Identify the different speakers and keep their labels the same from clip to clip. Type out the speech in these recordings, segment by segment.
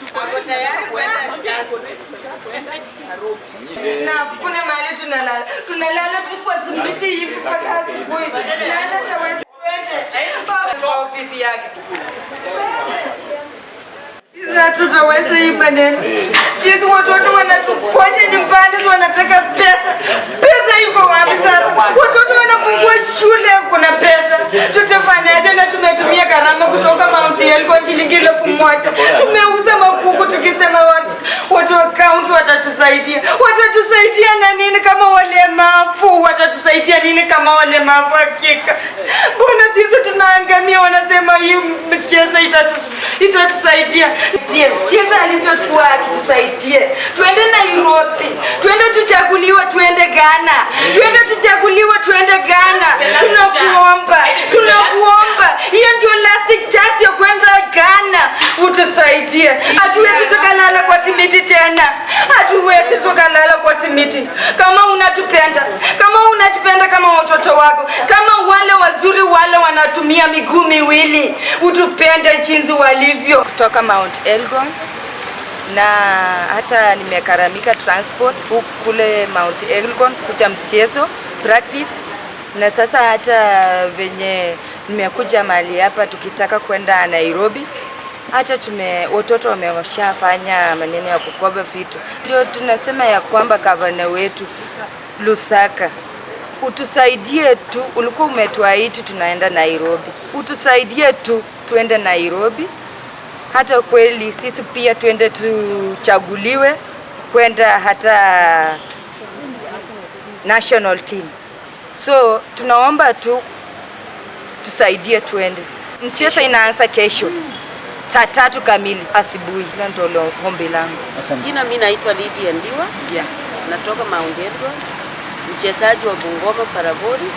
Speaker 1: Tuko tayari kwenda na kuna mahali tunalala tunalala tuko zimiti hivi mpaka asubuhi ametoa ofisi yake. Sisi hatutaweza hii maneno. Eh. Sisi watoto wanatukoja nyumbani wanataka pesa. Pesa iko wapi sasa? Watoto wanafungua shule kuna pesa. Tutafanyaje na tumetumia gharama kutoka Mount Elgon shilingi elfu moja. Tumeuza makuku tukisema watu wa kaunti watatusaidia. Watatusaidia na nini kama walemavu? Watatusaidia nini kama walemavu hakika? Mbona sisi tunaangamia, wanasema hii mchezo itatusaidia. Cheza alivyokuwa akitusaidie, tuende Nairobi, tuende tuchaguliwe, tuende Ghana, tuende tuchaguliwe, tuende Ghana. Tunakuomba, tunakuomba, hiyo ndio last chance ya kwenda Ghana, utusaidie. Hatuwezi tukalala kwa simiti tena, hatuwezi tukalala kwa simiti. Kama unatupenda, kama unatupenda, kama watoto wako kama anatumia miguu miwili. Utupende chinzi walivyo.
Speaker 2: Kutoka Mount Elgon na hata nimekaramika transport huku kule Mount Elgon kuja mchezo practice, na sasa hata venye nimekuja mali hapa tukitaka kwenda Nairobi hata tume watoto wameshafanya maneno ya kukoba vitu, ndio tunasema ya kwamba gavana wetu Lusaka utusaidie tu. Ulikuwa umetuahidi tunaenda Nairobi, utusaidie tu tuende Nairobi, hata kweli sisi pia tuende tuchaguliwe kwenda hata national team. So tunaomba tu tusaidie tuende. Mchezo inaanza kesho saa tatu kamili asubuhi. Ndio ombi langu.
Speaker 3: Jina mimi naitwa Lydia Ndiwa. Yeah. Natoka Mount Edward mchezaji wa Bungoma Parabori.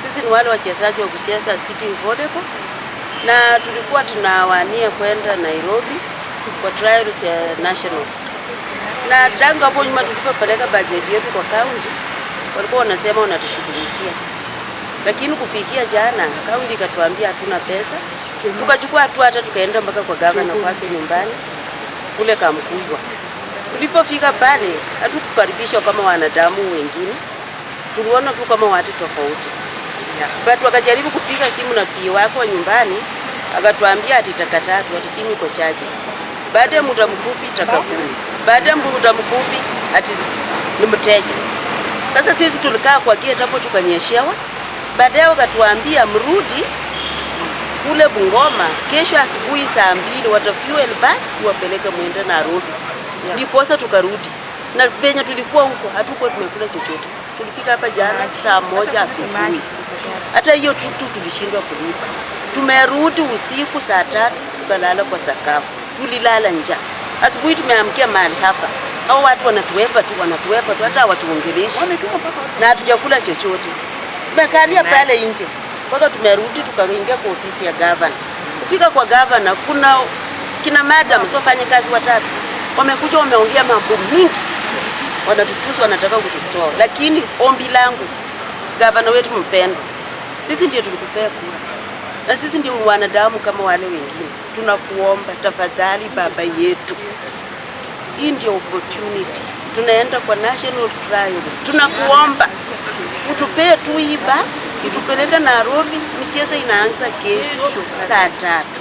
Speaker 3: Sisi ni wale wachezaji wa kucheza City Volleyball na tulikuwa tunawania kwenda Nairobi kwa trials ya national, na tangu hapo nyuma tulipopeleka bajeti yetu kwa kaunti walikuwa wanasema wanatushughulikia, lakini kufikia jana kaunti ikatuambia hatuna pesa. Tukachukua hatua hata tukaenda mpaka kwa gavana kwake nyumbani kule Kamkubwa. Tulipofika pale hatukukaribishwa kama wanadamu wengine tuliona tu kama watu tofauti yeah. But wakajaribu kupiga simu na pia wako wa nyumbani akatuambia ati takatatu ati simu iko chaji. Baada ya muda mfupi taka kumi, baada ya muda mfupi ati ni mteja. Sasa sisi tulikaa kwa gate hapo tukanyeshewa, baadaye wakatuambia mrudi kule Bungoma kesho asubuhi saa mbili watafuel bus kuwapeleka mwende Nairobi, Ndipo yeah. tukarudi na venye tulikuwa huko hatuko tumekula chochote tulifika hapa jana saa moja asubuhi, hata hiyo tuktuk tulishindwa kulipa. Tumerudi usiku saa tatu tukalala kwa sakafu, tulilala njaa. Asubuhi tumeamkia mahali hapa, hao watu wanatuwepa tu, wanatuwepa tu, hata hawatuongeleshi na hatujakula chochote. Tumekalia pale nje mpaka tumerudi, tukaingia kwa ofisi ya gavana. Kufika kwa gavana, kuna kina madam wafanya watatu wamekuja, wameongea mambo mingi wanatutusa, wanataka kututoa. Lakini ombi langu, gavana wetu mpendwa, sisi ndio tulikupea kura na sisi ndio wanadamu kama wale wengine. Tunakuomba tafadhali, baba yetu, hii ndio opportunity tunaenda kwa national trials, tunakuomba utupee tu hii basi itupeleke Nairobi. Michezo inaanza kesho saa tatu,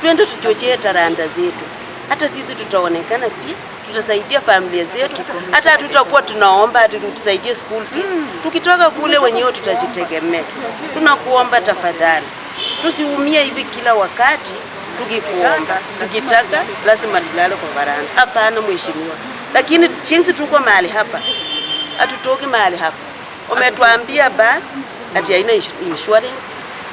Speaker 3: twende tuchochee taranda zetu, hata sisi tutaonekana pia tutasaidia familia zetu, hata tutakuwa tunaomba ati tutusaidie school fees. Mm. Tukitoka kule wenyewe tutajitegemea. Tunakuomba tafadhali, tusiumie hivi kila wakati tukikuomba. Tukitaka lazima tulale kwa varanda. Hapana mheshimiwa, lakini jinsi tuko mahali hapa, hatutoki mahali hapa. Umetuambia basi ati haina insurance,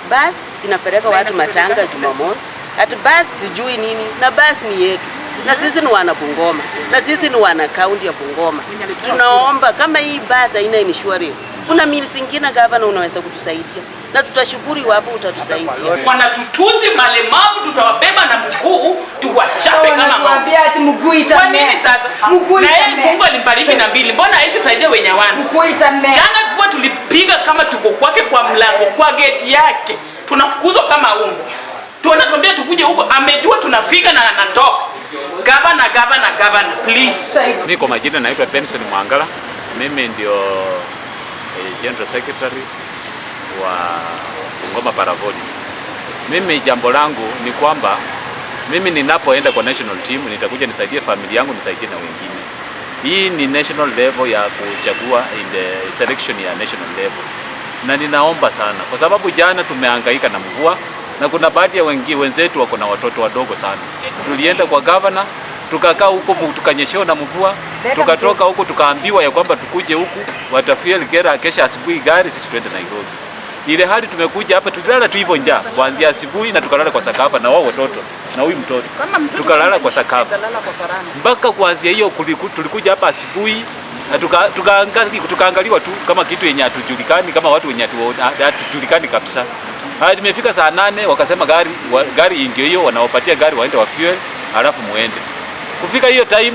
Speaker 3: basi inapeleka watu matanga Jumamosi, ati basi sijui nini, na basi ni yetu na sisi ni wana Bungoma na sisi ni wana kaunti ya Bungoma. Tunaomba kama hii basi haina insurance, kuna mili zingine gavana, unaweza kutusaidia na tutashukuru iwapo utatusaidia.
Speaker 4: Wanatutusi malemavu, tutawabeba na mguu tuwachape kama ng'ombe.
Speaker 1: Ati mguu itame. Kwa nini sasa?
Speaker 4: Mguu itame. Na Mungu alimbariki na mbili. Mbona hizi saidia wenye wana?
Speaker 1: Mguu itame.
Speaker 4: Jana tulikuwa tulipiga kama tuko kwake kwa mlango, kwa geti yake. Tunafukuzwa kama umbo. tuambia tukuje huko, amejua tunafika na anatoka. Gavana, gavana, gavana, please.
Speaker 5: Mimi kwa majina naitwa Benson Mwangala. Mimi ndio eh, General Secretary wa Bungoma Paravodi. Mimi jambo langu ni kwamba mimi ninapoenda kwa national team nitakuja nisaidie familia yangu, nisaidie na wengine. Hii ni national level ya kuchagua in the selection ya national level, na ninaomba sana kwa sababu jana tumehangaika na mvua na kuna baadhi ya wengi wenzetu wako na watoto wadogo sana tulienda kwa gavana tukakaa huko tukanyeshewa na mvua, tukatoka huko tukaambiwa ya kwamba tukuje huku watafuel kera kesha asubuhi gari, sisi tuende Nairobi. Ile hali tumekuja hapa tulilala tu hivyo njaa kuanzia asubuhi, na tukalala kwa sakafa na wao watoto na huyu mtoto tukalala kwa sakafa mpaka kuanzia hiyo. Tulikuja hapa asubuhi na tukaangaliwa tuka, tuka tu kama kitu yenye hatujulikani kama watu wenye hatujulikani kabisa. Hadi imefika saa nane wakasema gari wa, gari ingio hiyo wanawapatia gari waende wa fuel alafu muende. Kufika hiyo time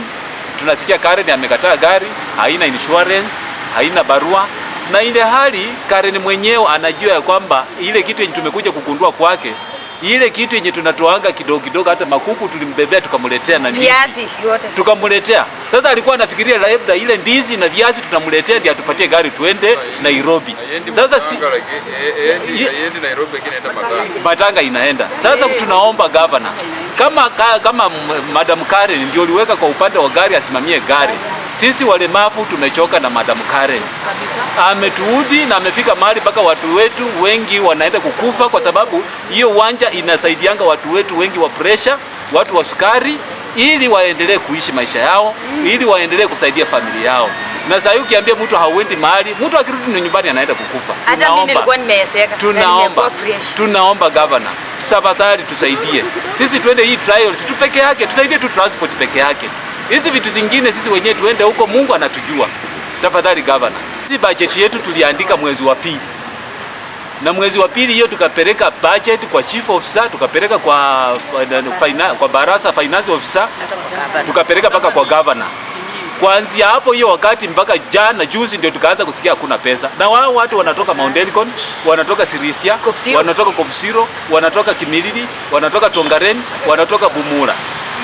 Speaker 5: tunasikia Karen amekataa gari, haina insurance, haina barua na ile hali Karen mwenyewe anajua ya kwamba ile kitu yenye tumekuja kugundua kwake ile kitu yenye tunatoanga kidogo kidogo, hata makuku tulimbebea tukamletea na
Speaker 1: viazi yote
Speaker 5: tukamletea. Sasa alikuwa anafikiria labda ile ndizi na viazi tunamletea ndio atupatie gari tuende Nairobi. Sasa si Matanga eh, eh, eh, inaenda sasa. Tunaomba governor kama, kama Madam Karen ndio uliweka kwa upande wa gari asimamie gari sisi walemavu tumechoka na Madam Karen, ametuudhi na amefika mahali mpaka watu wetu wengi wanaenda kukufa, kwa sababu hiyo uwanja inasaidianga watu wetu wengi wa pressure, watu wa sukari, ili waendelee kuishi maisha yao, mm. ili waendelee kusaidia familia yao na sasa ukiambia mtu hauendi mahali, mtu akirudi nyumbani anaenda kukufa. Tunaomba, tunaomba, yaani tunaomba governor tafadhali tusaidie sisi, tuende hii trials tu peke yake, tusaidie tu transport peke yake. Hizi vitu zingine sisi wenyewe tuende huko, Mungu anatujua. Tafadhali gavana, hizi bajeti yetu tuliandika mwezi wa pili, na mwezi wa pili hiyo tukapeleka budget kwa chief officer, tukapeleka kwa eh, eh, fina, kwa barasa finance officer, tukapeleka mpaka kwa governor. Kuanzia hapo hiyo wakati mpaka jana juzi ndio tukaanza kusikia hakuna pesa, na wao watu wanatoka Mount Elgon, wanatoka Sirisia, wanatoka Kopsiro, wanatoka Kimilili, wanatoka Tongaren, wanatoka Bumula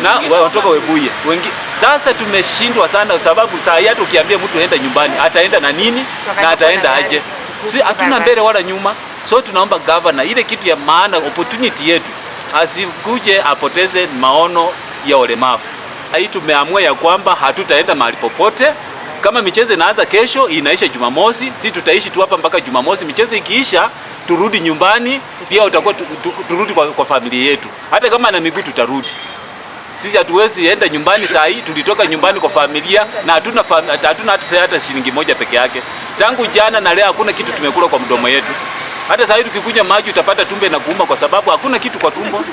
Speaker 5: na watoka Webuye wengi. Sasa tumeshindwa sana, sababu saa hii hata ukiambia mtu aende nyumbani ataenda na nini Tukani na ataenda aje? Si hatuna mbele wala nyuma, so tunaomba governor ile kitu ya maana, opportunity yetu asikuje apoteze maono ya ulemavu. Hii tumeamua ya kwamba hatutaenda mahali popote. Kama michezo inaanza kesho, inaisha Jumamosi, si tutaishi tu hapa mpaka Jumamosi. Michezo ikiisha turudi nyumbani, pia utakuwa turudi kwa, kwa familia yetu. Hata kama na miguu tutarudi. Sisi hatuwezi enda nyumbani saa hii, tulitoka nyumbani kwa familia na hatuna hatuna hata shilingi moja peke yake. Tangu jana na leo hakuna kitu tumekula kwa mdomo yetu. Hata saa hii tukikunywa maji utapata tumbe na kuuma, kwa sababu hakuna kitu kwa tumbo.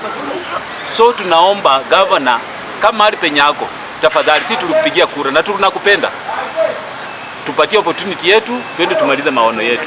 Speaker 5: So tunaomba gavana, kama hali penye yako, tafadhali, sisi tulikupigia kura na tunakupenda, tupatie opportunity yetu, twende tumalize maono yetu.